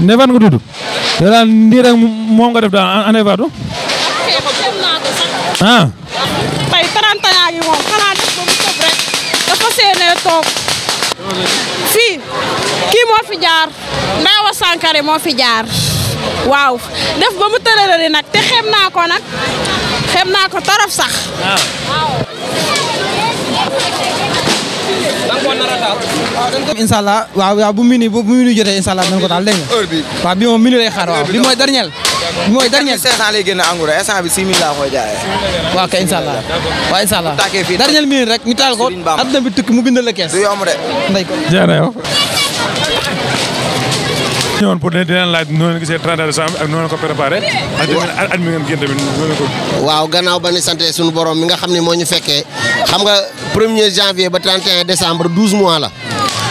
Ndefane nga tudd. yow daal nii moom nga def daal en Ndefane. ah. bay ah. 30 ans moom xanaa def ba mu tëb rek dafa seenee toog fii kii moo fi jaar Ndawa Sankare moo fi jaar waaw def ba mu tërërëri nag te xem naa ko nag xem naa ko torop sax. Ah. da nga a taal. waaw dañ ko incha allah waaw waaw bu minuit bu minuit jotee incha allah dañ ko taal dégg nga. bi moom minuit lay xaar waaw bi mooy dernier. bi mooy dernier. 500 lay génn engrais instant bi rek ñu taal ko. Serigne Bamba adduna bi tukki mu bindal la kees. du na yow. ñëwoon pour ne dinañ laaj noo leen gisee 30 décembre ak noo leen ko préparé ak tamit ko waaw gannaaw ba ni sant suñu borom mi nga xam ne moo ñu fekkee xam nga premier er janvier ba 31 décembre 12 mois la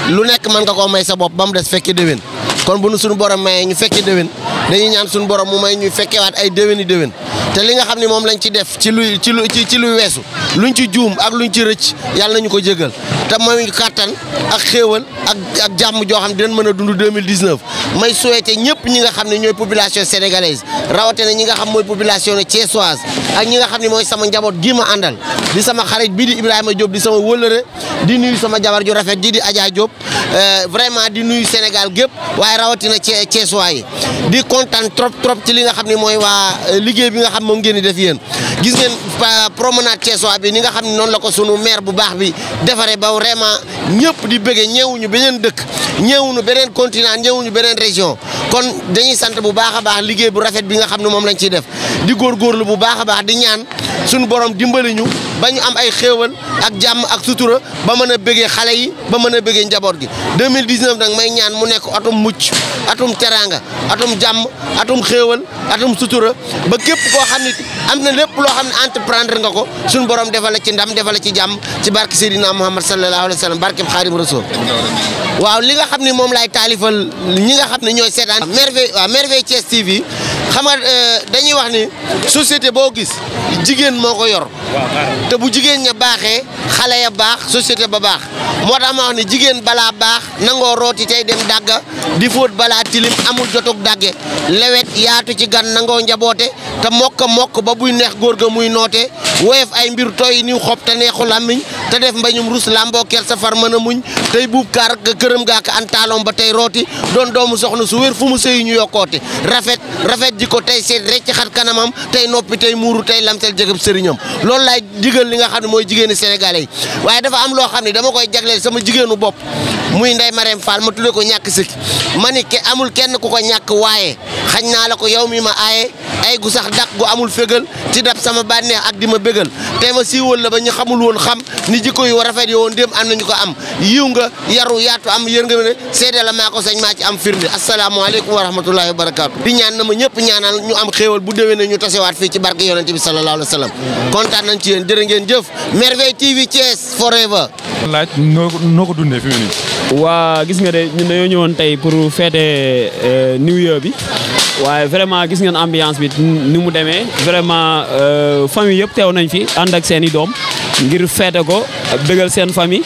lu nekk mën nga koo may sa bopp ba mu des fekke déwén kon bu nu suñu borom mayee ñu fekke déwén dañuy ñaan suñu borom mu may ñu fekkewaat ay déwéni déwén té li nga xamni mom lañ ci def ci luy ci lu ci luy wessu luñ ci joom ak luñ ci recc yalla nañ ko té katan ak xéewal ak ak jamm jo xamni dinañ mën 2019 may souhaité ñëpp ñi nga xamni ñoy population sénégalaise na ñi nga xam moy population thiessoise ak ñi nga xamni moy sama njabot gi ma andal di sama xarit bi di Ibrahima job di sama wëllëre di nuyu sama jabar ju rafet di di Adja euh vraiment di nuyu Sénégal gëpp waye rawaté na di contane trop trop ci li nga xamni moy wa euh, liggéey bi nga xam mo ngeen di def yeen gis ngeen promenade tieso bi ni nga xamni non la ko sunu maire bu baax bi defare ba vraiment ñepp di bëgge ñewuñu benen dekk ñewuñu benen continent ñewuñu benen région kon dañuy sante bu baaxa baax liggey bu rafet bi nga xamni mom lañ ci def di góorgóorlu bu baaxa baax di ñaan sunu borom dimbali ñu am ay xéewal ak jamm ak sutura ba mëna a xalé yi ba mëna a njaboot gi 2019 nak may ñaan mu nekk atum mucc atum teranga atum jamm atum xéewal atum sutura ba képp ko xam ne am na lépp loo xam ne entreprendre nga ko suñu borom defal la ci ndam defal la ci jàmm ci barke Seydina Muhammad sallallahu alayhi wa sallam barke Xaadim waaw li nga xam ne moom laay taalifal ñi nga xam ne ñooy seetaan merveille waaw merveille Thiès TV xam nga euh, dañuy wax ni société boo gis jigéen moo ko yor te bu jigéen ña baaxee xale ya baax société ba baax moo tax ma wax ne jigéen balaa baax nangoo rooti tey dem dàgga di fóot balaa tilim amul jotug dagge lewet yaatu ci gan nangoo njaboote ka mokk ba buy neex góor ga muy noote woyef ay mbir tooy niw xob te neexu làmmiñ te def mbañum rus làmboo ker safar mën a muñ tey buub kaar ga këram gaa ka an taaloom ba tey rooti doon doomu soxna su wér fu mu sëyi ñu yokkooti rafet rafet ji ko tey seet rek ci xat kanamam tey noppi tey muuru tey lamsel jëgëb sëriñam loolu laay digal li nga xam ne mooy jigéeni sénégalais yi waaye dafa am loo xam ne dama koy jagleel sama jigéenu bopp muy Ndeye ma tuddee ko ma ni ko la ko yow mi bu amul fégal ci dab sama bànneex ak di ma bégal te ma siiwal la ba ñu xamul woon xam ni jikko yu rafet yo woon déem na nañu ko am yiw nga yaru yaatu am yër nga ne seede la maa ko sañ maa ci am firnde asalaamaaleykum wa rahmatullahi wa barakaatu di ñaan na ma ñëpp ñaanal ñu am xéewal bu déwé ne ñu tasewaat fii ci barke yonente bi sallallahu alayhi wa sallam kontaan nañ ci yéen jërë ngeen jëf Merveille TV Thiès forever noo ko dundee fi mu nii waa gis nga de ñun dañoo euh, bi waaye vraiment gis ngeen ambiance bi mu demee ne vraiment euh, famille yëpp teew nañ fi ànd ak seen i doom ngir feete ko bégal seen famille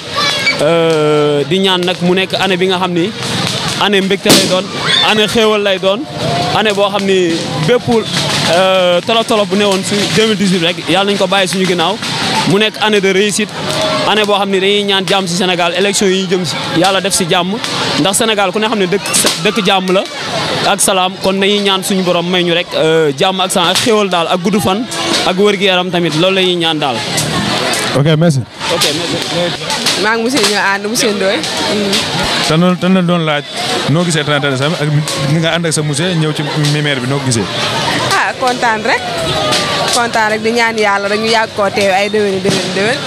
euh, di ñaan nag mu nekk année bi nga xam ni année mbégte lay doon année xéewal lay doon année boo xam ni bépp tolo euh, tolo bu newoon si 2018 rek yàlla nañ ko bàyyi suñu ginnaaw. mu nekk année de réussite année boo xam ne dañuy ñaan jàmm si Sénégal élection yi ñu jëm si yàlla def si jàmm ndax Sénégal ku ne xam ne dëkk dëkk jàmm la ak salaam kon dañuy ñaan suñu borom may ñu rek euh, jàmm ak salaam ak xéwal daal ak gudd fan ak wërgu yaram tamit loolu la ñuy ñaan daal. ok merci. ok merci. maa ngi monsieur ñoo ànd monsieur Ndoye. tan tan doon laaj noo gisee 31 décembre ak nga ànd sa monsieur ñëw ci mimère bi noo gisee. kontaan rek kontaan rek di ñaan yàlla rek ñu yàgg koo teew ay déwén déwén déwén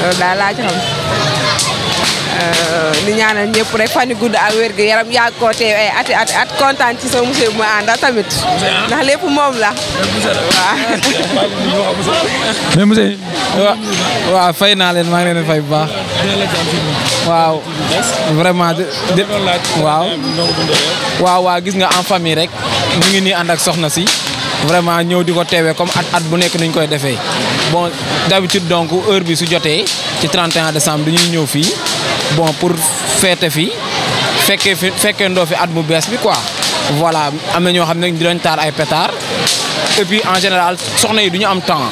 loolu xam. Euh, di ñaanal ñëpp rek fan gudd ak wér gu yaram yàgg ko ay ati at kontaan ci sama monsieur bi ma àndal tamit. ndax lépp moom la. waaw. mais monsieur. waaw naa leen maa ngi leen fay bu baax. waaw. vraiment de waaw. waaw waaw gis nga en famille rek. ñu ngi nii ànd ak soxna si. vraiment ñëw di ko teewee comme at at bu nekk nuñ koy defee bon d'habitude donc heure bi su jotee ci 31 décembre ñuy ñëw fii bon pour feete fii fekkee fi fekkee ndoo fi at mu bees bi quoi voilà am na ñoo xam ne di dinañ taar ay pétard et en général soxna yi du ñu am temps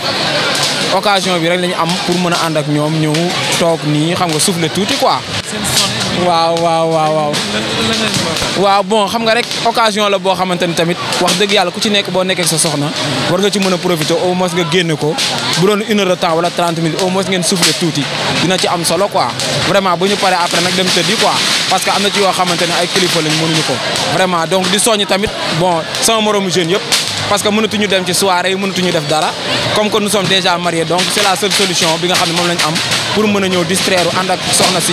occasion bi rek lañu am pour mën a ànd ak ñoom ñëw toog nii xam nga souffler tuuti quoi waaw waaw waaw waaw. bon xam nga rek occasion la boo xamante ni tamit wax dëgg yàlla ku ci nekk boo nekkee sa soxna. war nga ci mën a profiter au moins nga génne ko bu doon une heure de temps wala trente minutes au moins ngeen souffler tuuti dina ci am solo quoi vraiment bu ñu paree après nag dem tëddi quoi parce que am na ci yoo xamante ne ay kilifa lañ mënuñu ko vraiment donc di soññ tamit bon sama moromu jeune yëpp. parce que mënatuñu dem ci soirée yi mënatuñu def dara comme que nous sommes déjà mariés donc c'est la seule bi nga xam ne moom lañ am pour mën a ñëw distraire ànd soxna si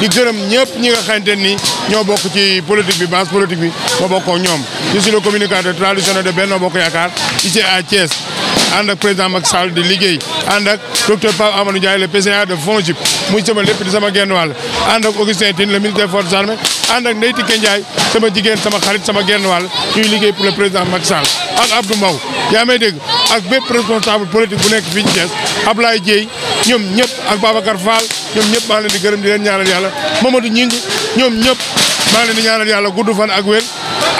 di gërëm ñëpp ñi nga xamante ni ñoo bokk ci politique bi base politique bi ma bokk ak ñoom je suis le communicateur traditionnel de Benno Bokk Yaakaar ici à Thiès ànd ak président mak Sall di liggéey ànd ak docteur Pape Amadou le PCA de FONGIP muy sama lépp di sama genn wàll ànd ak Augustin Tine le ministre des forces armées ànd ak Ndeye Tické sama jigéen sama xarit sama genn wàll ñuy liggéey pour le président Macky Sall ak Abdou Mbow yaa may dégg ak bépp responsable politique bu nekk fii ci Thiès Ablaye Dieye ñoom ñëpp ak Babacar Fall ñoom ñëpp maa leen di gërëm di leen ñaanal yàlla Mamadou Ngingue ñoom ñëpp maa ngi leen ñaanal yàlla gudd fan ak wér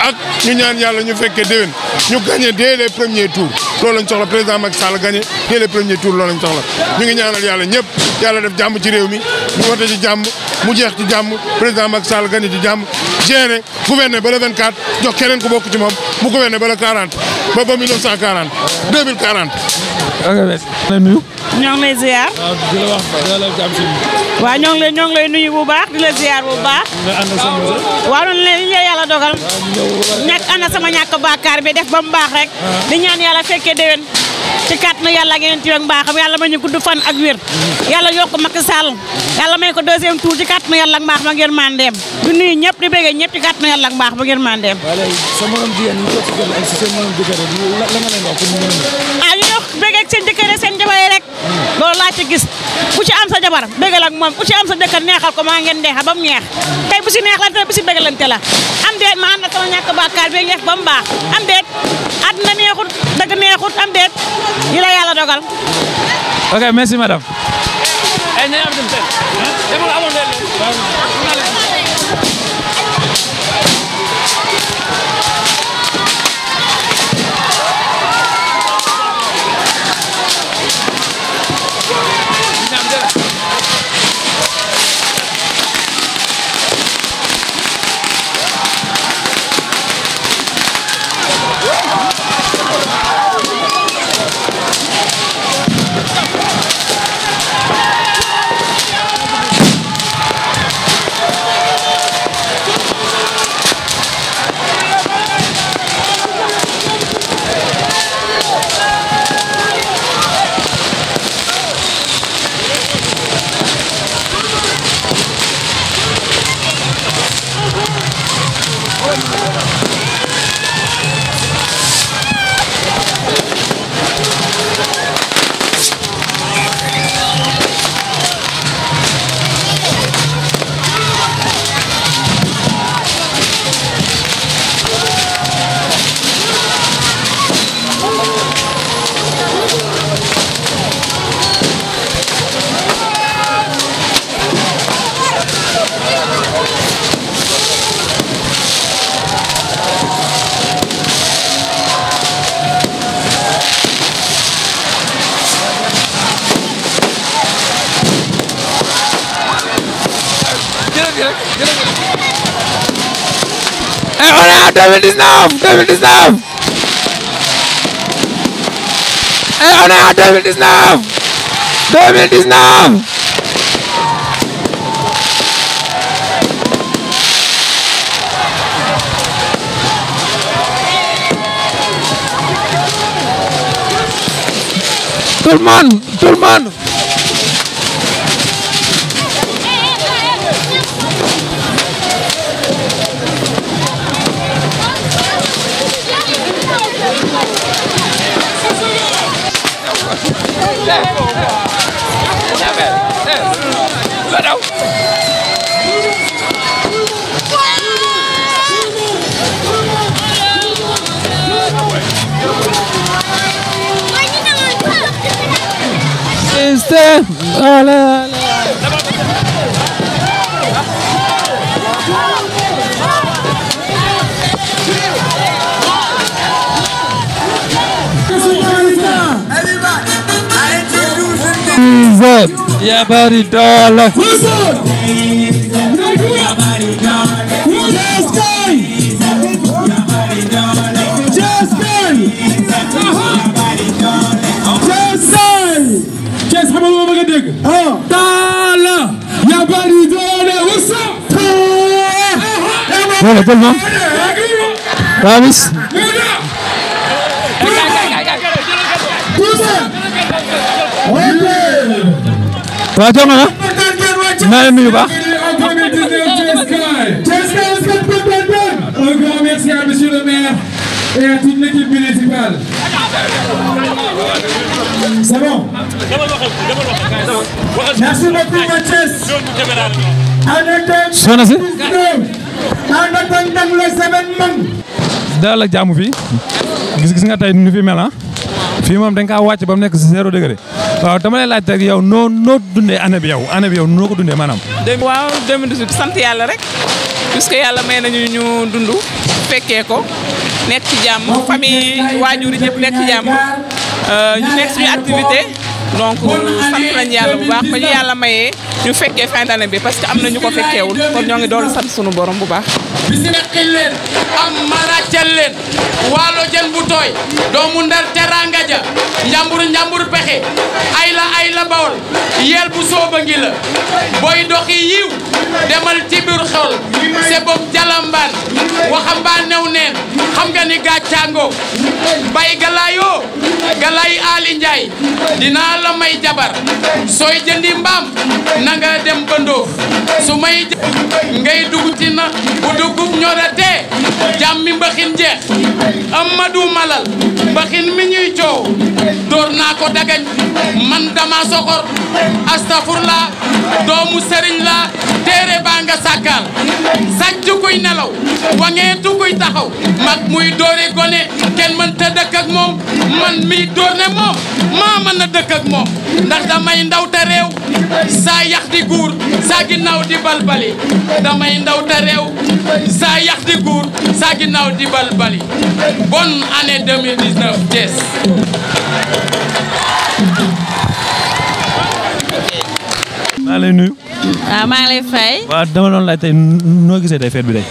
ak ñu ñaan yàlla ñu fekkee déwén ñu gagné dès les premiers tours loolu lañ soxla président Macky Sall gagné dès les premiers tours loolu soxla ñu ngi ñaanal yàlla ñëpp yàlla def jàmm ci réew mi ñu wote ci jàmm mu jeex ci jàmm président Macky Sall gagné ci jàmm gérer gouverner ba le 24 jox keneen ku bokk ci moom mu gouverner ba le 40 ba ba 1940 2040. ok merci. ñoo lay ziar. waaw di waaw ñoo ngi lay ñoo lay nuy bu baax di la ziar bu baax. nga noonu la li ñu yàlla dogal. waaw ñàkk sama ñàkk bàkkaar bi def ba mu baax rek. Ah. di ñaan yàlla fekkee déwén. ci kat na yàlla ak yéen ak mbaaxam yalla ma ñu gudd fan ak wér yalla yok Macky Sall yalla may ko deuxième tour ci kat na yàlla ak mbaax ma ngeen mandem du nuyu ñëpp di béggee ñëpp ci kat na yàlla ak mbaax ma ngeen mandem sa morom jigéen ñu toog ci gën ak seen morom seen jëkkër rek loolu la ci gis ku ci am sa jabar bégal ak mom ku ci am sa jëkkër neexal ko ma ngeen neexal ha bam neex tay bu ci neex la tay bu si bégalante la am dé ma ànd ak sama ñàkk bàkkaar bi ngeef ba baax am deet àddina neexut dëgg neexut am dé li la yàlla dogal. ok merci madame. Eh, Damn devil this now! Hell now, devil this now! Devil this now! Turman, Turman! Hala. Yeah, buddy, darling. Böyle gel Un grand merci à monsieur le maire et à toute l'équipe municipale. C'est bon. Merci beaucoup Mathias. maanaam dañ dem le semaine man. dalal ak jàmm fii gis gis nga tey nu fi mel ah? fii moom da nga kaa wàcc ba mu nekk zéro degré waaw dama lay laaj rek yow noo noo dundee année bi yow année bi yow noo ko dundee maanaam. waaw 2018 sant yàlla rek puisque yàlla may nañu ñu dund fekkee ko nekk ci jàmm waajur yi nekk ci euh, ñu nekk suñu activité donc sant nañu yàlla bu baax ba yàlla mayee. ñu fekke fin d'année bi parce que amna ñuko fekke wul kon ñoo doon sat sunu borom bu baax bisina xil leen am maracel leen walo jël bu do mu ndar teranga ja njambur njambur pexé ay la ay la bawol yel bu soba ngi la boy doxi yiw demal ci bir xol se jalamban waxa ba new neen xam nga ni gàccaango bay galayo galay Ali Njaay dina la may jabar soy jëndi mbam na nga dem ba ndóof su may ngay dugg ci na bu dugub ñoratee jàmmi mbaxin jeex Amadou Malal mbaxin mi ñuy coow door naa ko dagañ man dama soxor astafurlaa doomu sëriñ téere baa nga sàkkaal sàcc kuy nelaw wangeetu kuy taxaw mag muy doore gone kenn mën dëkk ak moom man mi doorne moom maa mën a dëkk ak moom ndax damay ndaw te réew yax di guur saa ginnaaw di balbali damay ndaw ta réew maa lay nuyu. Ah, waaw dama doon laaj tey noo gisee tey fête bi tey.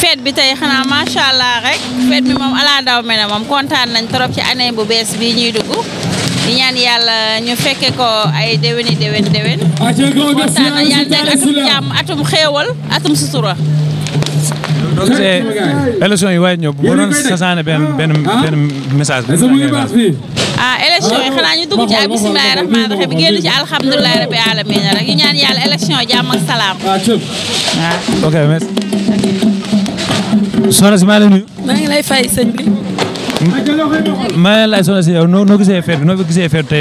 fête bi tey xanaa macha allah rek fête bi moom ala daw mel moom kontaan nañ trop ci année bu bees bii ñuy dugg. di ñaan yàlla ñu fekke ko ay déwéni déwén déwén kontaan na yàlla teg atum jàmm atum xéewal atum sutura donc c' est élection yi waaye ñëw bu doon sasaane benn benn benn message. ah élection yi xanaa ñu dugg ci ak bisimilah rahmaani rahiim génn ci alhamdulilah rabi alamin rek ñu ñaan yàlla élection jàmm ak salaam. waaw ok merci. soxna si maa ngi lay nuyu. maa ngi lay fay sëñ bi. maa lay soxna si yow noo gisee fête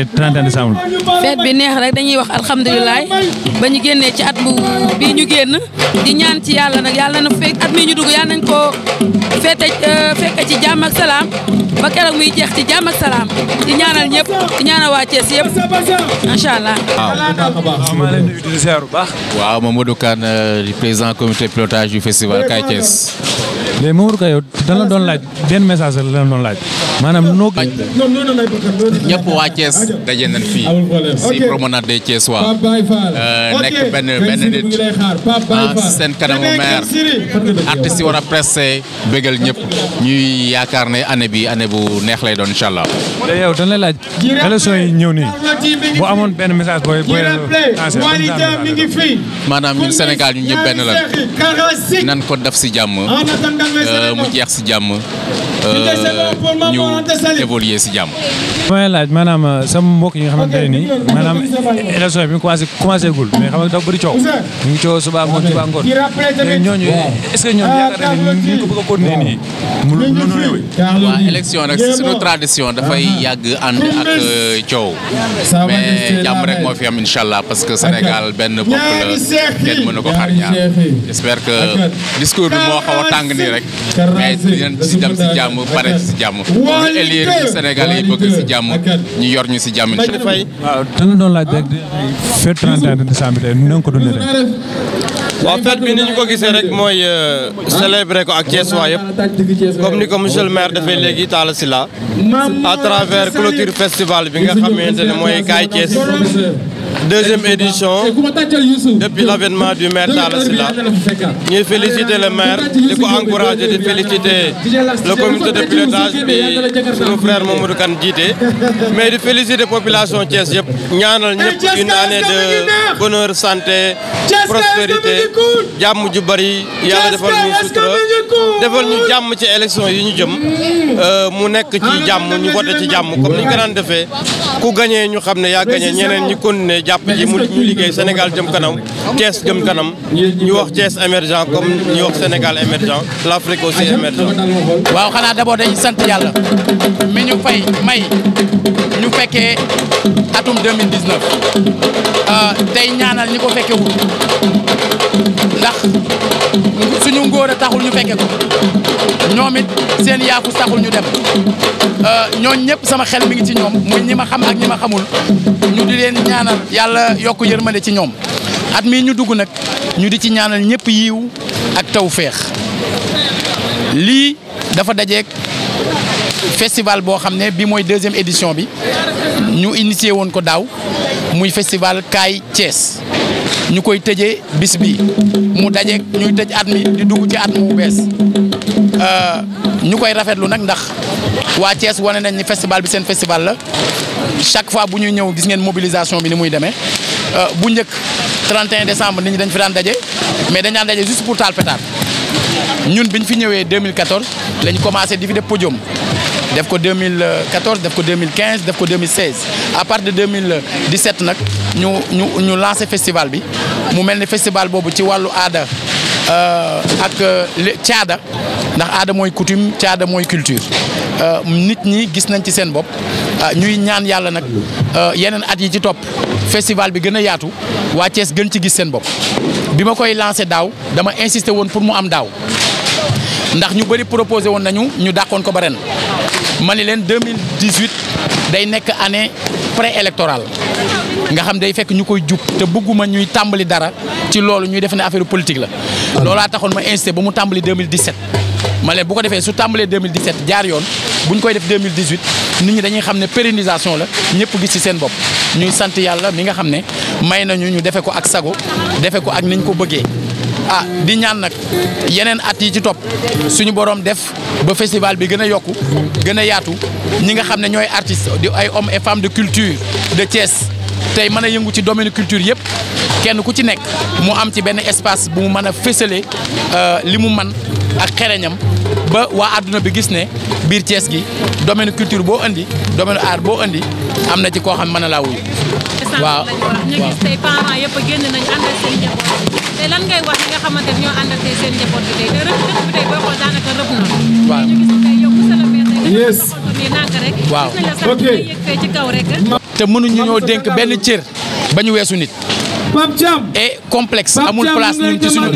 bi neex rek dañuy wax alhamdulilah ba ñu ci at bu bii génn di ñaan ci yàlla nag yàlla na fekk at mi ñu dugg yàlla nañ koo fête euh, ci jàmm ak salaam ba muy jeex ci jàmm ak salaam di ñaanal ñëpp di ñaanal waa Thiès yëpp allah. waaw maa leen euh, président comité pilotage du festival Kaay Thiès. Les mais Mamour Kayo dañ la doon laaj benn message la doon laaj. maanaam noo. daje nañ fii si promenade euh, nekk benn benn nit ah, seen a pressé bégal ñëpp ñuy yaakaar ne année bi année bu neex lay doon incha allah. te yow ñëw nii bu amoon benn message booy booy maanaam ñun Sénégal ñun ñëpp benn la nan ko def si jàmm euh, mu jeex si jàmm. Euh, ñu évoluer si jàmm may laaj maanaam euh, sama mbokk yi nga xamante ne nii maanaam élection bi mu commencé commencé gul mais xam dafa bëri coow ñu ngi coow suba ngoon suba ngoon mais ñooñu ah, ni a continuer nii mu noonu réew waaw élection nag si dafay ah. yàgg ànd ak euh, coow rek moo fi am parce que Sénégal benn bopp la kenn mën ko xar ñaar que discours moo xaw a tàng rek mais si dem si jàmm pare si jàmm ñu Sénégal yi bëgg si jàmm jàmm ñu yor ñu si jàmm. waaw danga doon laaj rek fête 31 décembre bi tey na nga ko dundee ren. waaw bi ni ko gisee rek mooy euh, célébrer ko ak Thiès waa yëpp comme ni ko monsieur le maire dafay léegi Talla Sylla à travers clôture festival bi nga xamante ne mooy Kaay Thiès. deuxième édition depuis l'avènement du maire Talla Sylla ñuy féliciter le maire di ko encourager di féliciter le comité de pilotage bi suñu frère Mamadou Kane Djité. mais di féliciter population Thiès yëpp ñaanal ñëpp une année de bonheur santé prospérité jàmm ju bari yàlla defal ñu sutura defal ñu jàmm ci élection yi ñu jëm mm-hmm. euh, mu nekk ci ah, jàmm ñu voté ci jàmm comme ni ñu ko daan defee ku gagné ñu xam ne yaa gagné ñeneen ñi continuer jàpp ji mu ñu liggéey Sénégal jëm kanam Thiès jëm kanam ñu wax Thiès émergent comme ñu wax Sénégal émergent l'Afrique aussi émergent waaw xanaa d'abord dañuy sant yàlla mi ñu fay may ñu fekkee atum 2019 tey ñaanal ñi ko fekkewul ndax suñu ngóor a taxul ñu fekke ko ñoom it seen yaafus taxul ñu dem euh, ñooñ ñëpp sama xel mi ngi ci ñoom muy ñi ma xam ak ñi ma xamul ñu di leen ñaanal yàlla yokk yërmande ci ñoom at mii ñu dugg nag ñu di ci ñaanal ñëpp yiw ak taw féex lii dafa dajeek festival boo xam ne bi mooy deuxième édition bi ñu initié woon ko daaw muy festival Kaay cees ñu koy tëje bis bi mu daje ñuy tëj at mi di dugg ci at mu bees euh, ñu koy rafetlu nag ndax waa Thiès wane nañ ni festival bi seen festival la chaque fois bu ñuy ñëw gis ngeen mobilisation bi ni muy demee euh, bu njëkk 31 décembre nit ñi dañ fi daan daje mais dañ daan daje juste pour taal pétard ñun ñu fi ñëwee 2014 lañ commencé di fi def podium def ko 2014 def ko 2015 def ko 2016 à partir de 2017 nag ñu ñu ñu lancé festival bi mu mel ni festival boobu ci wàllu aada euh, ak caada ndax aada mooy coutume caada mooy culture euh, nit ñi gis nañ ci seen bopp euh, ñuy ñaan yàlla nag yeneen at yi ci topp festival bi gën a yaatu waa Thiès gën ci gis seen bopp bi ma koy lancé daaw dama insister woon pour mu am daaw ndax ñu bëri proposé woon nañu ñu dàqoon ko ba ma ni leen 2018 day nekk année préélectorale nga xam day fekk ñu koy jub te bëgguma ñuy tàmbali dara ci loolu ñuy def ne affaire politique la. loolaa taxoon ma insisté ba mu tàmbali 2017. ma leen bu ko defee su tàmbalee 2017 jaar yoon bu ñu koy def 2018 nit ñi dañuy xam ne pérennisation la ñëpp gis ci seen bopp ñuy sant yàlla mi nga xam ne may nañu ñu defe ko ak sago defe ko ak niñ ko bëggee. ah di ñaan nag yeneen at yi ci topp suñu borom def ba festival bi gën a yokku gën a yaatu ñi nga xam ne ñooy artistes di ay hommes et femmes de culture de Thiès tey mën a yëngu ci domaine culture yëpp kenn ku ci nekk mu am ci benn espace bu mu mën a fësalee euh, li mu man ak xereñam ba waa àdduna bi gis ne biir Thiès gi domaine culture boo indi domaine art boo indi am na ci koo xam mën a laa wuyu waaw ñu gis te lan ñu gis dénk benn cër ba ñu weesu nit. Pape Thiam et complexe amul place ñun ci suñu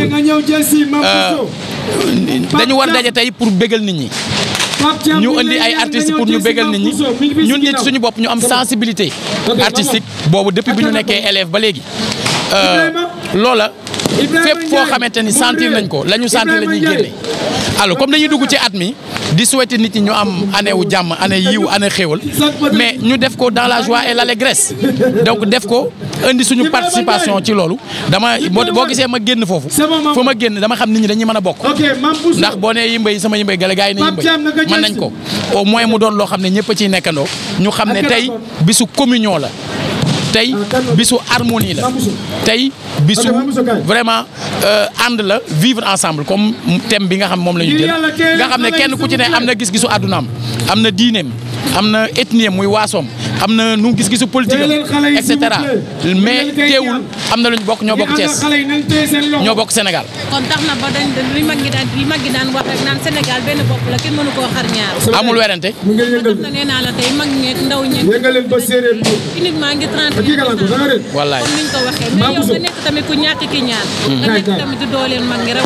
euh, dañu war daje tey pour bégal nit ñi. ñu indi ay artistes pour ñu bégal nit ñi ñun ñi suñu bopp ñu am sensibilité artistique boobu depuis bi ñu nekkee élève ba léegi euh, loola fépp foo xamante ni sentir nañ ko la ñu sentir la ñuy comme dañuy dugg ci at mi di souhaiter nit ñi ñu am année wu jàmm année yiw année xewal mais ñu def ko dans la joie et l'allégresse donc def ko indi suñu participation ci loolu dama boo gisee ma génn foofu fa ma génn dama xam nit ñi dañuy mën a bokk ndax boo ne yimbay sama yimbay gale gars yi ne yimbay mën nañ ko au moins mu doon loo xam ne ñëpp a ciy nekkandoo ñu xam ne tey bisu communion la tey ah, bisu harmonie la tey bi su vraiment euh, ànd la vivre ensemble comme thème bi nga xam moom la ñu jël nga xam ne kenn ku ci ne am na gis-gisu àddunaam am na diineem am na ethnie muy waasoom am na nu gis-gisu politique et cetera mais teewul am na lu ñu bokk ñoo bokk Thiès ñoo bokk senegal kon tax na ba dañ li mag gi daan wax naan Sénégal benn bopp la kenn mënu koo xar ñaar. amul werante. na nee tey mag ñeeg ndaw ñeeg. uniquement ngi 30 wallaay ñu ko waxee mais yow nga tamit ku ñàkk ki ñaar. Mm. nga nekk tamit du dooleel mag ngi raw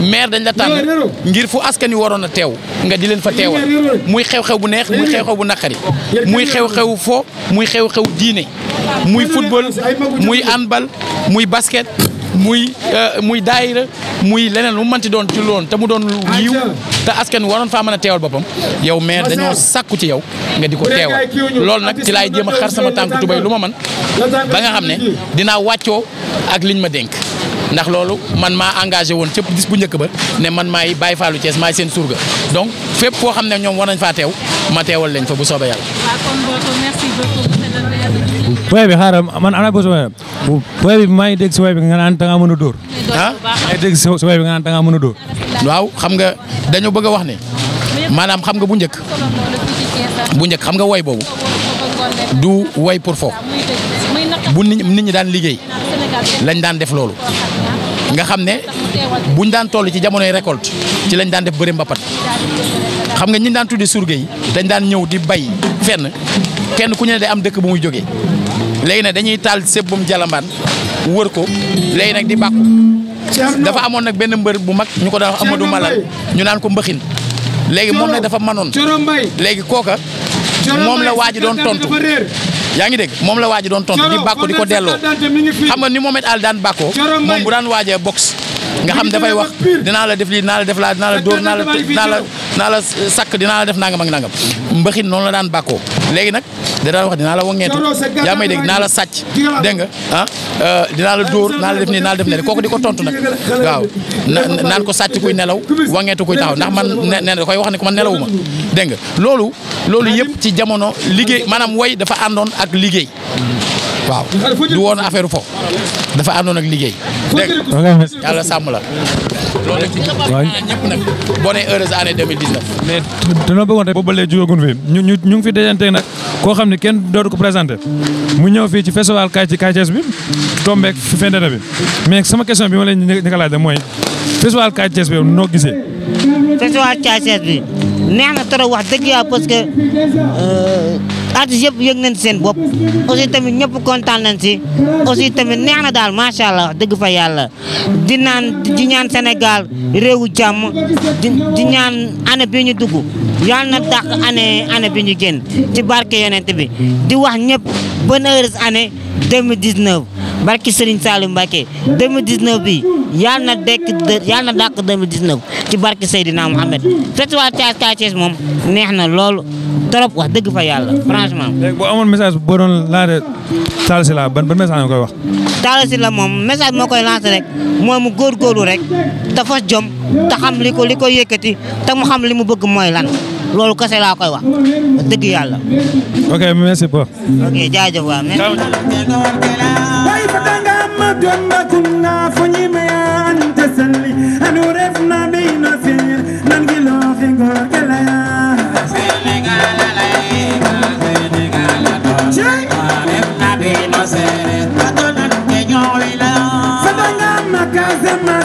maire dañ la tànn ngir fu askan wi waroon a teew nga di leen fa teewal muy xew-xew bu neex muy xew-xew bu naqari muy xew-xew fo muy xew-xew diine muy football muy handball muy basket muy euh, muy daayira muy leneen lu mu ti doon ci loon te mu doon lu yiw te askan waroon faa man a teewal boppam yow maire dañoo sàkku ci yow nga di ko teewal loolu nag ci laay jéem a xar sama tànk tubéy lu ma man ba nga xam ne dinaa wàccoo ak liñ ma denk ndax lolu man ma engagé won ci bis bu ñëk ba né man may Baye fallu Thiès may seen surga donc fep ko xamné ñom wonañ fa nañ ma teewal lañ fa bu soobee yàlla. waaw bi xaaral man ana haram, sama waaye bi maa ngi dégg si waaye bi nga nan ta nga mën a Ha? ah deg ngi bi nga nan ta nga mën a waaw xam nga dañu bëgg wax ne Manam xam nga bu ñëk. bu ñëk xam nga way bobu. du way pour fo bu nit ñi daan liggéey lañ daan def lolu nga xam ne buñ daan toll ci jamonoy récolte ci lañ daan def bëri mbapat xam nga ñi daan tuddi surge yi dañ daan ñëw di bay fenn kenn ku ñu ne day am dëkk bu muy jógee léegi nag dañuy taal sëbbum jalambaan wër ko léegi nag di bàkku dafa amoon nag benn mbër bu mag ñu ko daan wax Amadou Malal ñu naan ko mbëxin léegi moom nag dafa manoon léegi kooka moom la waaji doon tontu yaa ngi dégg moom la waaji doon tontu di bàkko di ko delloo xam nga ni Mohamed Ali daan bàkkoo moom bu daan waajee boxe nga xam dafay wax danaa la def lii naa la def laa dinaa la dóor dinaa la dinaa la dinaa la sakk dinaa la def nangam ak nangam mbaxin noonu la daan bàkkoo léegi nag da wax dinaa la wangeetu yaa may dégg naa la sàcc dégg nga ah dinaa la dóor dinaa la def nii naa la def ne kooku di ko tontu nag waaw naan ko sàcc kuy nelaw wangeetu kuy taxaw ndax man nee koy wax ne ko man nelawuma dégg nga loolu loolu yëpp ci jamono liggéey maanaam way dafa àndoon ak liggéey waaw du woon affaire fo dafa àndoon ak liggéey. dégg yàlla sàmm la. loolu ci ñëpp nag boo nee heureuse année 2019. mais dañoo bëggoon ba léegi jógeegun fi ñu ñu ñu ngi fi déjanteeg nag koo xam ne kenn dootu ko mu ñëw fii ci festival kaay ci kaay bi tombeek fi fin d'année bi mais sama question bi ma leen ñu ñu de laajte mooy festival kaay Thiès bi noo gisee. festival kaay Thiès bi neex na trop wax dëgg yàlla parce euh, artistes yëpp yëg nañ seen bopp aussi tamit ñëpp kontaan nañ si aussi tamit neex na daal macha allah dëgg fa yàlla di naan di ñaan Sénégal réewu jàmm di ñaan année bi ñu dugg yàlla na dàq année année bi ñu génn ci barke yonent bi di wax ñëpp bonne heureuse année 2019 barki Serigne Saliou Mbacké 2019 bi yal na dekk yal na dàq 2019 ci barki Seydina Mohamed festival Thiès Kaay Thiès moom neex na loolu trop wax dëgg fa yàlla franchement. léegi boo amoon message boo doon laajee Talla Sylla ban ban message koy wax. Talla Sylla moom message moo koy lancé rek mooy mu góorgóorlu rek te fas jom te xam li ko li ko yëkkati te mu xam li mu bëgg mooy lan loolu kese laa koy wax dëgg yàlla. دون كنا فني ما أنت سلي أنا رفنا بينا سير ننجلو في غور كلايا سنغال لايما سنغال رفنا بينا سير أدونا نجوا إلى سبعنا مكازما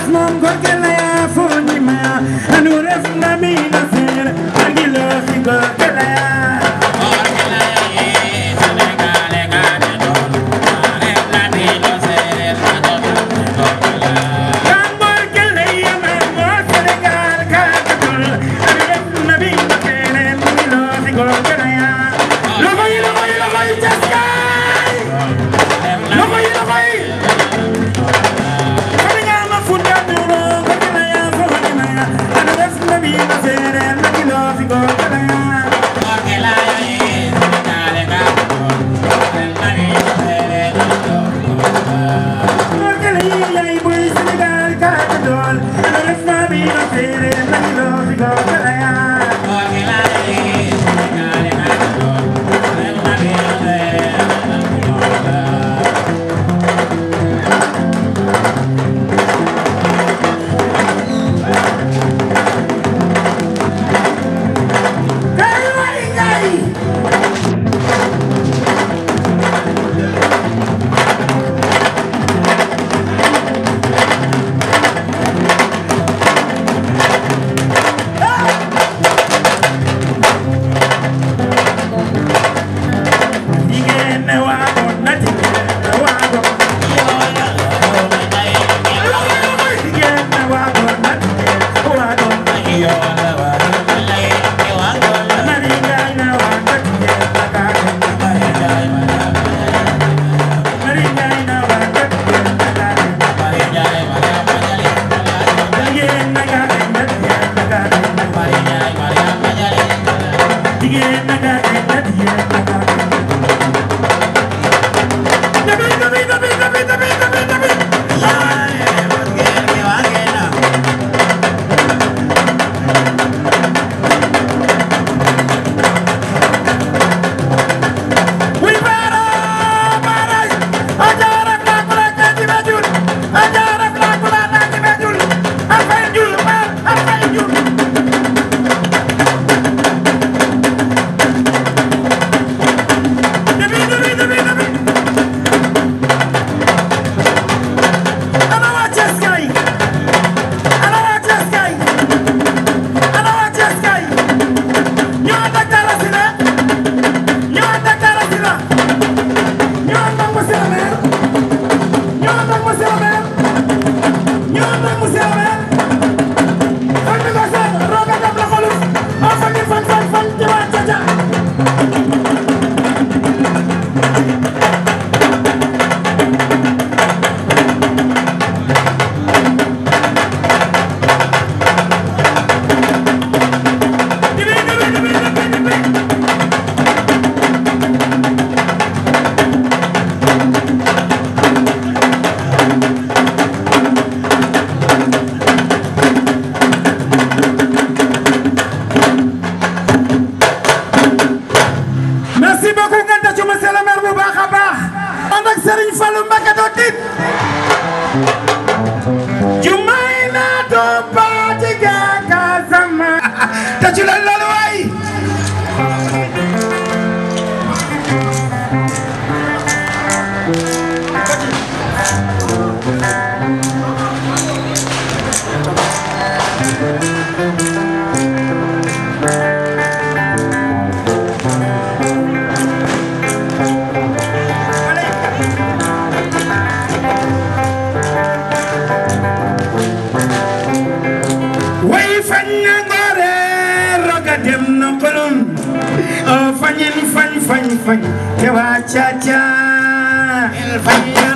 fañ fañ te waa caa caa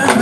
Amen.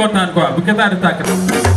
kontaan quoi bu kesaare tàkk na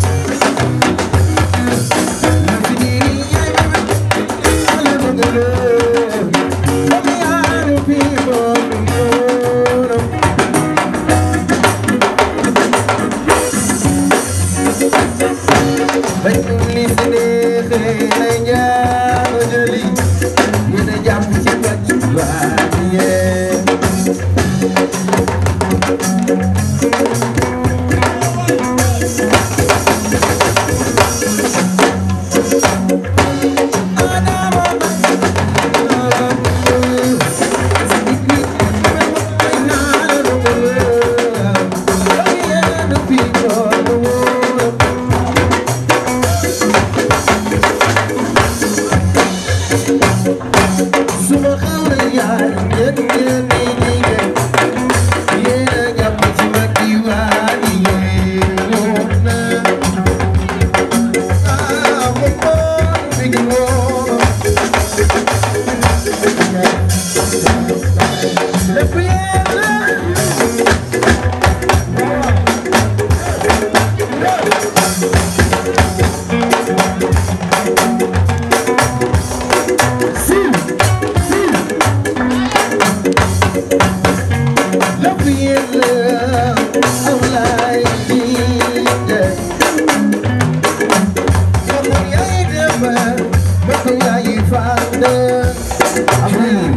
아멘.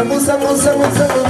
Samu, samu, samu, samu.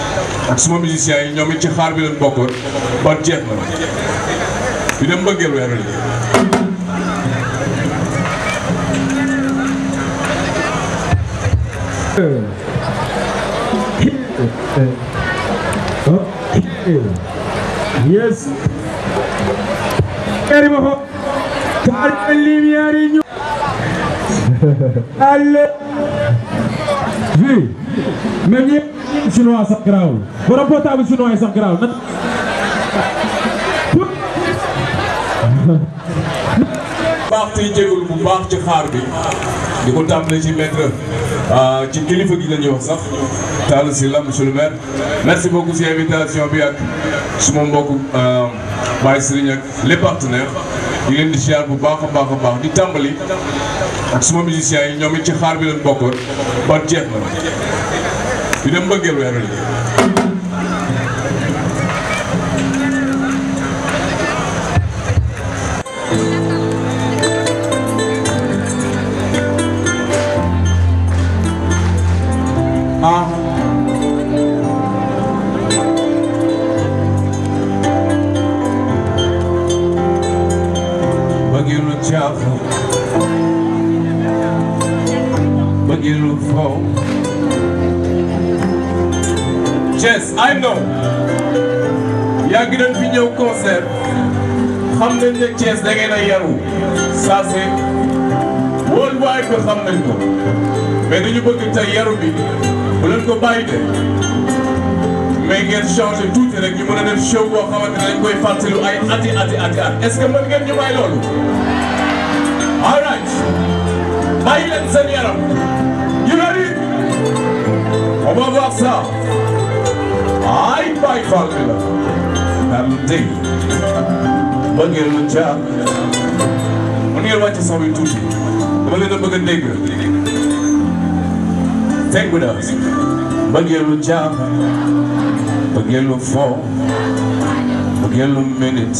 ak suma musiciens yi ñoom it ci xaar bi leen bokkoon ba jeex na ñu dem mbëggeel weeru li yes kari mako kari alim yari ñu alle vi mais chinois sax garaawul borom portable chinois yi sax garaawul na baax bu baax ci xaar bi di ko tàmbale ci maître euh, ci kilifa gi la ñuy wax sax Talla Sylla monsieur le merci beaucoup ci invitation bi ak suma mbokk euh, Baye Serigne ak les partenaires di leen di bu baax baax a baax di tàmbali ak suma musiciens yi ñoom it ci xaar bi leen bokkoon ba jeex na fi dem mbëggeel weeru li Bagulho chavo Bagulho Thiès I know yàgg nañ fi ñëw concert xam nañ ne Thiès da ngeen a yaru ça c'est worldwide bi xam nañ ko mais dañu bëgg tey yaru bi bu leen ko bàyyi de mais ngeen changé tuuti rek ñu mën a def show boo xamante ne dañ koy fàttali ay ati ati ati at est-ce que mën ngeen ñu may loolu all right bàyyi leen seen yaram you ready on va voir ça Ay bay farkıyla. Hem ding. Bëggeel lu ca. Mu ngeen wàcc saw yi tuuti. Dama leen a bëgg a dégg. Thank with us. Bëggeel lu ca. Bëggeel lu fo. Bëggeel lu minute.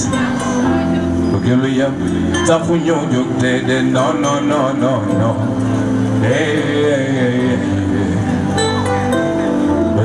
Bëggeel lu yàgg. Taxu ñëw jóg te de no no no no non. Hey, hey, hey.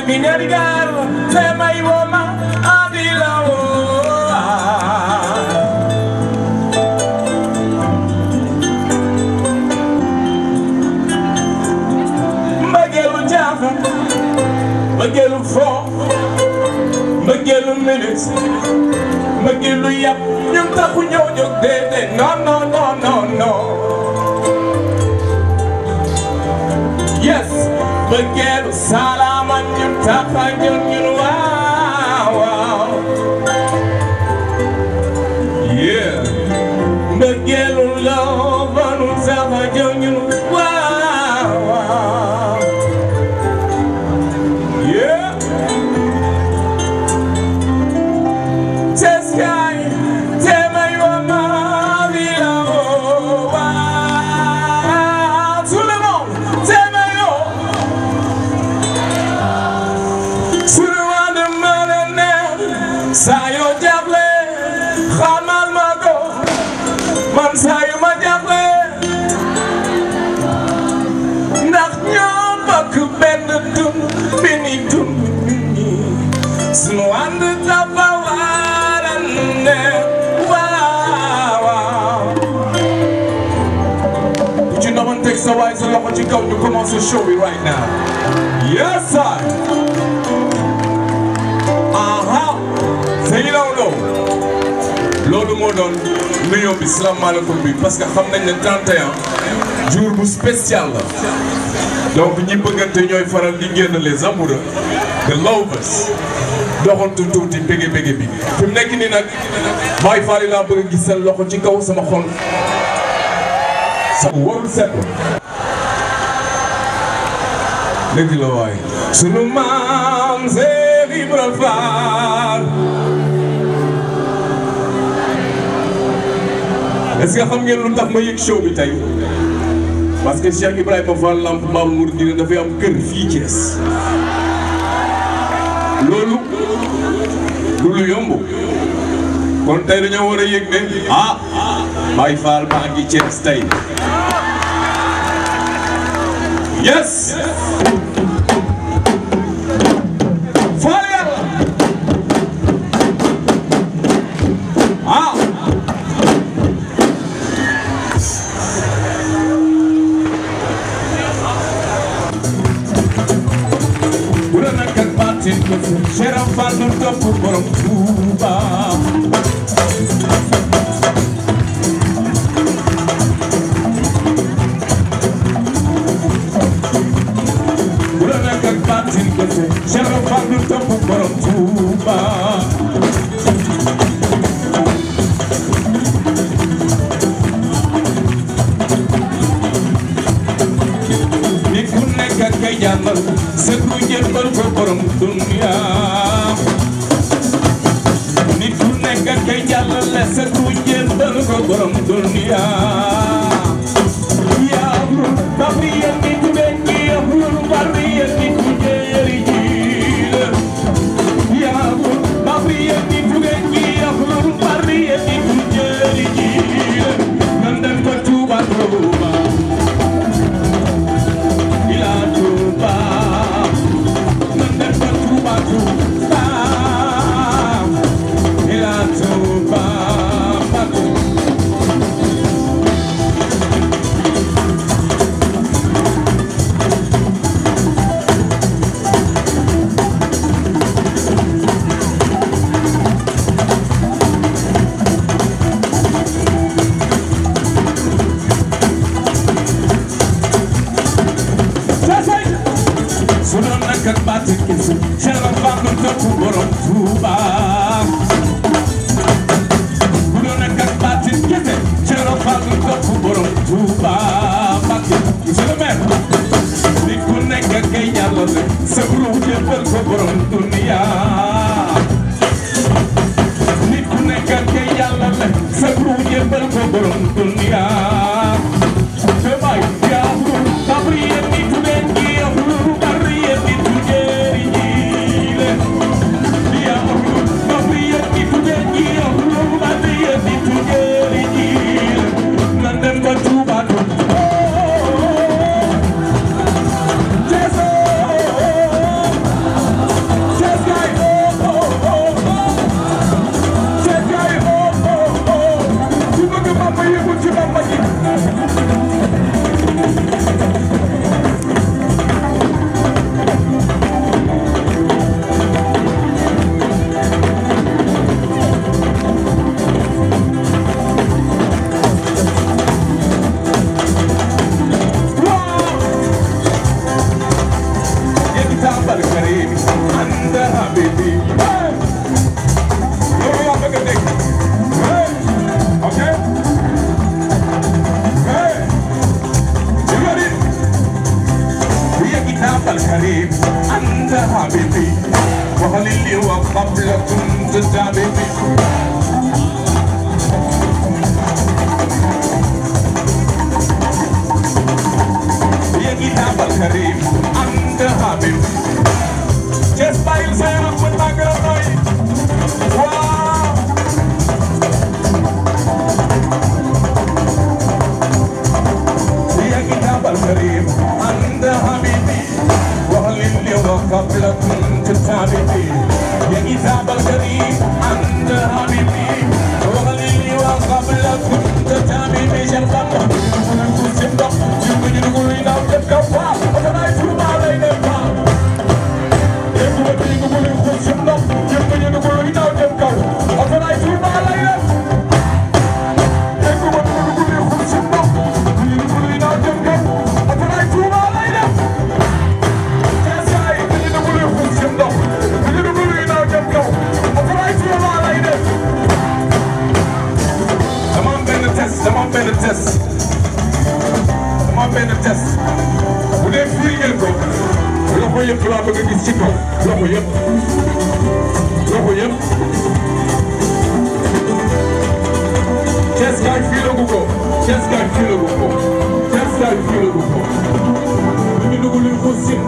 Yes, but get a Magelu java, magelu magelu magelu no no no no no. Yes, magelu Tapa you. sa loxo ci kaw ñu commencé show bi right now yes sir aha sëñ law loo loolu moo doon nuyoo bi salaamaaleykum bi parce que xam nañ ne 31 jour bu spécial la donc ñi bëggante ñooy faral di génn les amoureux the lovers doxantu tuuti bége bége bi fi mu nekk ni nag Baay Faal laa bëgg a gis seen loxo ci kaw sama xol. sa warul set dëgg la waay sunu maam Seex Ibra Faal est-ce que xam ngeen lu tax ma yëg show bi tey parce que Cheikh Ibrahima Fall Lamp Maam Mouride dafay am kër fii Thiès loolu lu yomb kon tey dañoo war a yëg ne ah Baye Fall baa ngi Thiès yes. Geral faz no campo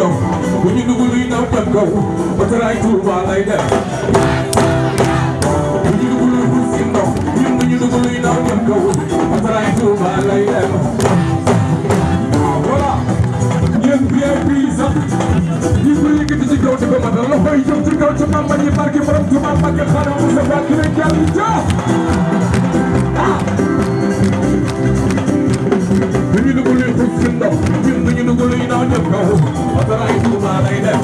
dof bu ñu dugg luy naw dem kaw ba tëraay Tuuba lay dem bu ñu dugg luy xuus ci ndox ñun bu ñu dugg luy naw dem kaw ba tëraay Tuuba lay dem voilà yéen VIP sax ñi ko yëkkati ci kaw ci ba matal la koy jëm ci kaw ci mamba ñi barke borom ci mamba ñi xanaa mu sa baat dina jàll jaa ah bu ñu dugg luy xuus ci ndox ñun bu ñu dugg luy kaw jëm kaw oto ay tuuma lay def.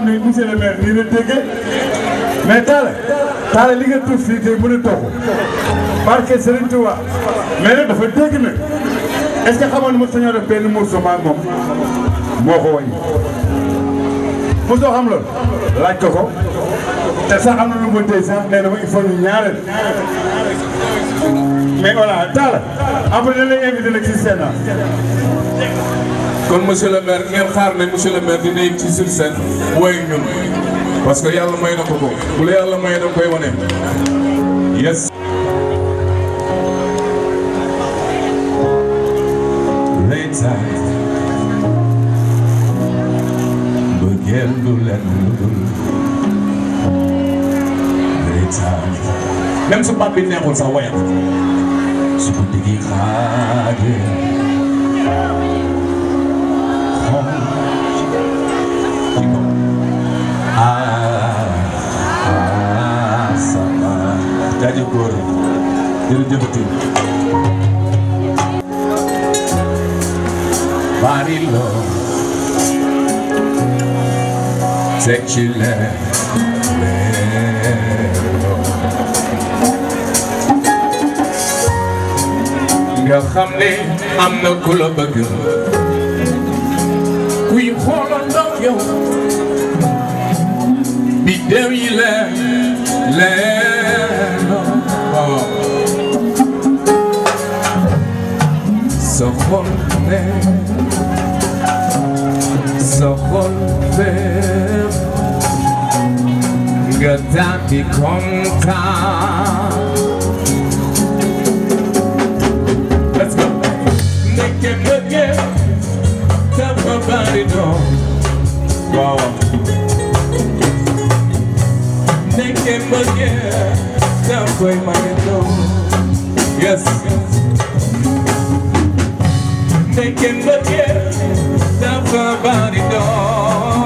xam ne monsieur le maire nii la déggee mais Talla Talla li nga tuuf fii tey mën a toog barke Serigne Touba mais nag dafa dégg nag est ce que xamoon na mos nañoo def moom moo ko wàññi. mosoo xam loolu laaj ko ko te sax am na lu ma tey sax nee na ma il faut ñu ñaareel mais voilà Talla après dañ lay invité nag ci scène kon monsieur le maire ngeen xaar ne monsieur le maire dina ci sur sen way ñun parce que yalla may na ko ko bu le yalla may da koy woné yes même su baat bi neexul jaajëf góor jërëjëfati bari lo seçilen nga xam ne am na ku la bëgg kuy xoolandoo yow bi deew yi leer leer Sojourner, sojourner Gadami contar Let's go! Neke mege, tapa barino Wow! Neke mege, tapa barino Yes! yes taking the tip down her body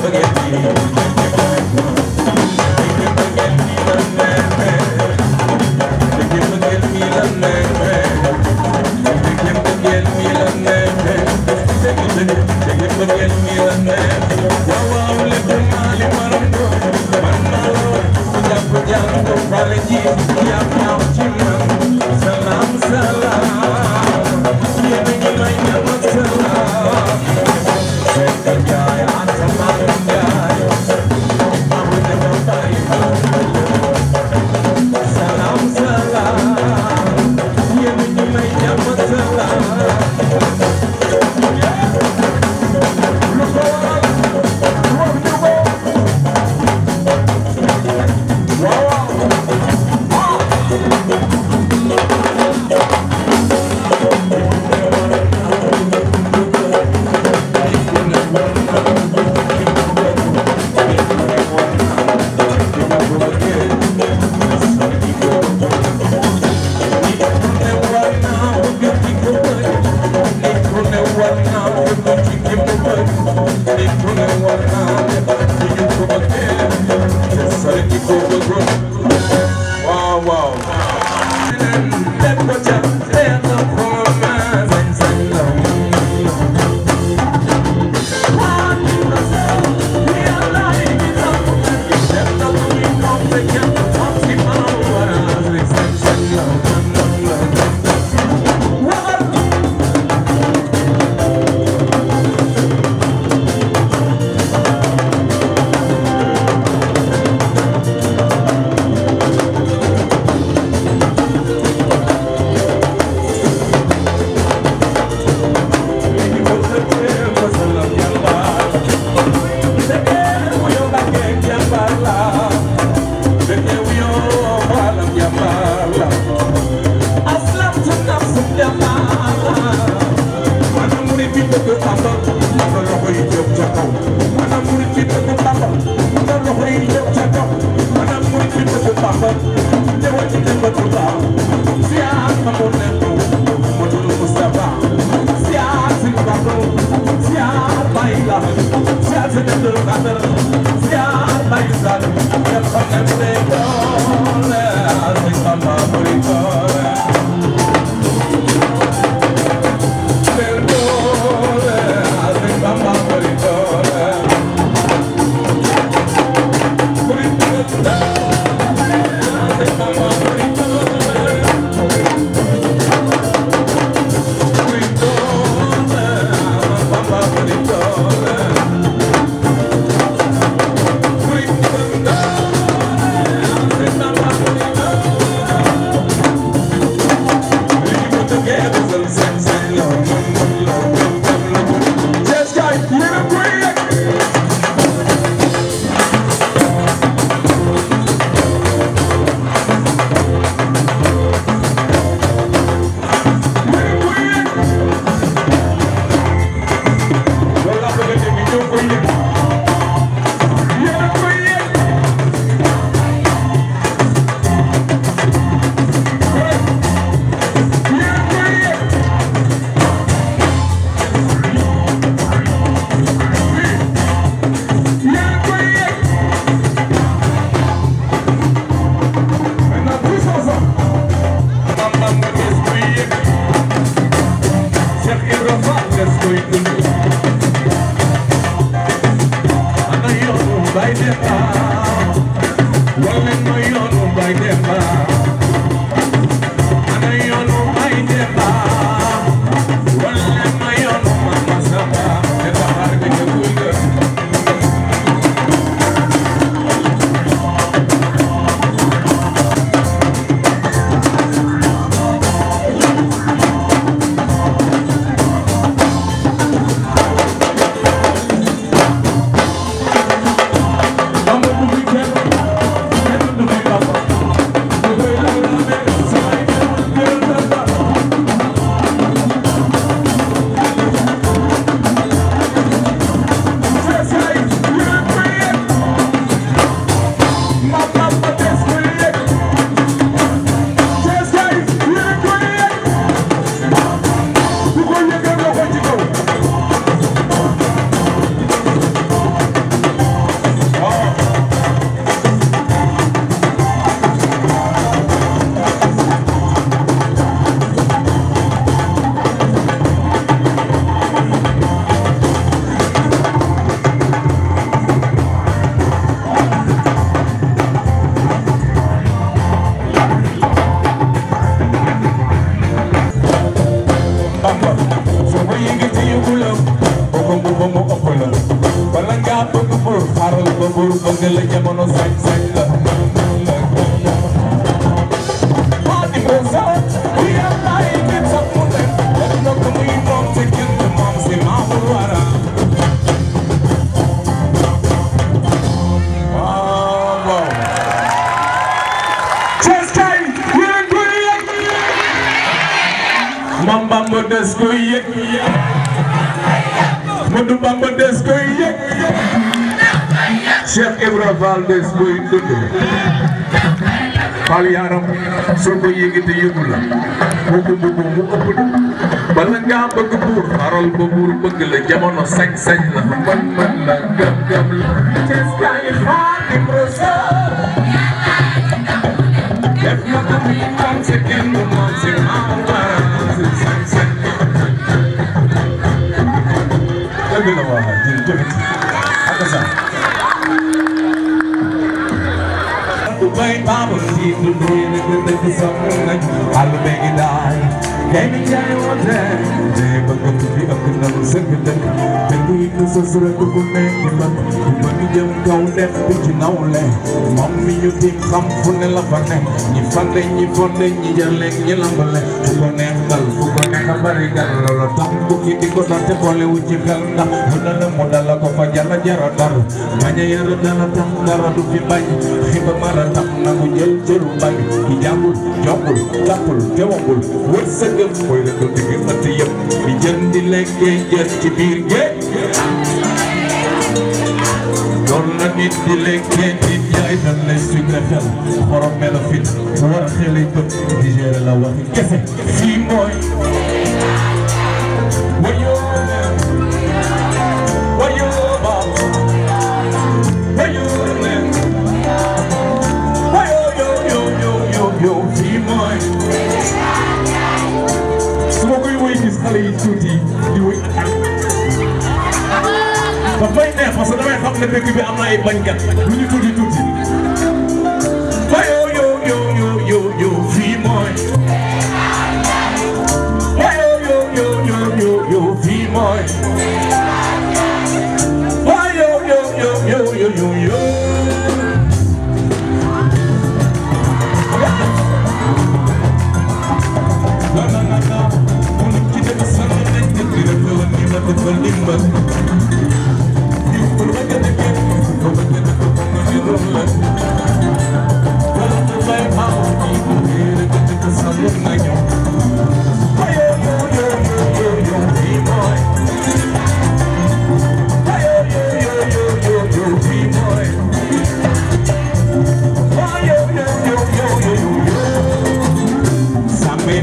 spaghetti des koy yëg Modou Bamba des koy yëg Cheikh Ibra Fall des koy dund fal yaram soo ko yëgite yëgu la boo ko bëgg mu ëpp bala ngaa bëgg buur faral ba buur bëgg la jamono sañ-sañ la man man la gëm gëm la des kay Xaadimu Rasuul def na ko moom si kenn moom si maam give Bay baba see the rain and the big sun I'll make it die Game in day one day They were going to be up in the second day Then we can so sort of good name When you don't go left but you know leh Mommy you team come from the love of them You fund and you fund and you yell and you lumber bari gan loola tax bukki di ko doon te boole wu ci xel ndax mu ne la mu dala ko jala jara dar bañ a yara dana tax dara du fi bañ xiba mara tax na mu jël cëru bañ ki jàngul jombul tappul jewangul wërsëgëm mooy la ko digg mat yëpp di jën di lekkee jën ci biir géej doon la nit di lekkee nit yaay dan lay sukkee xel xorom melo fit war xeli bët di gérer la waxi kese dëkk bi am na ay bañkat lu ñu tuuti tuuti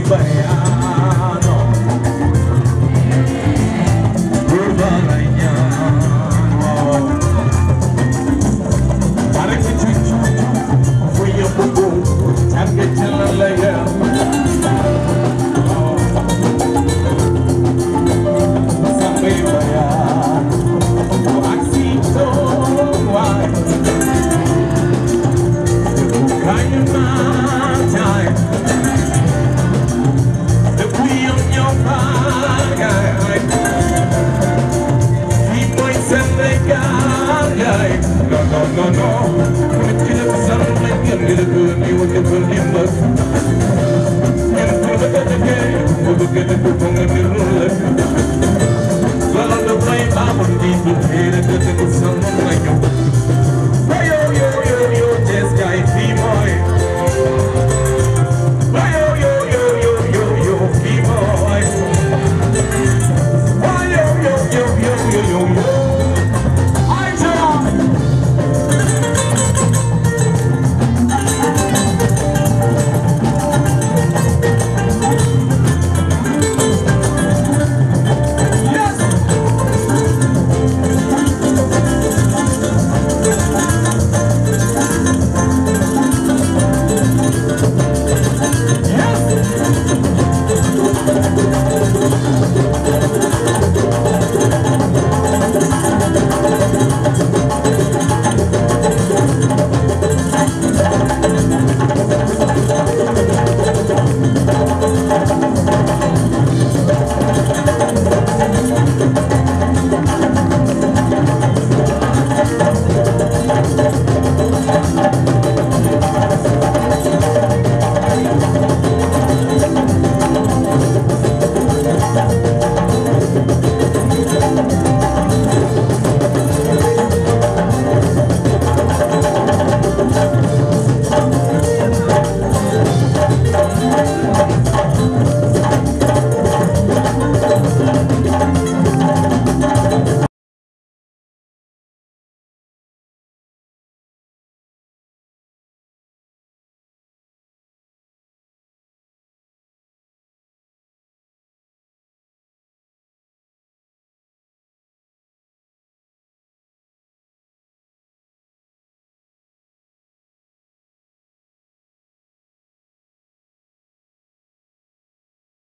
back.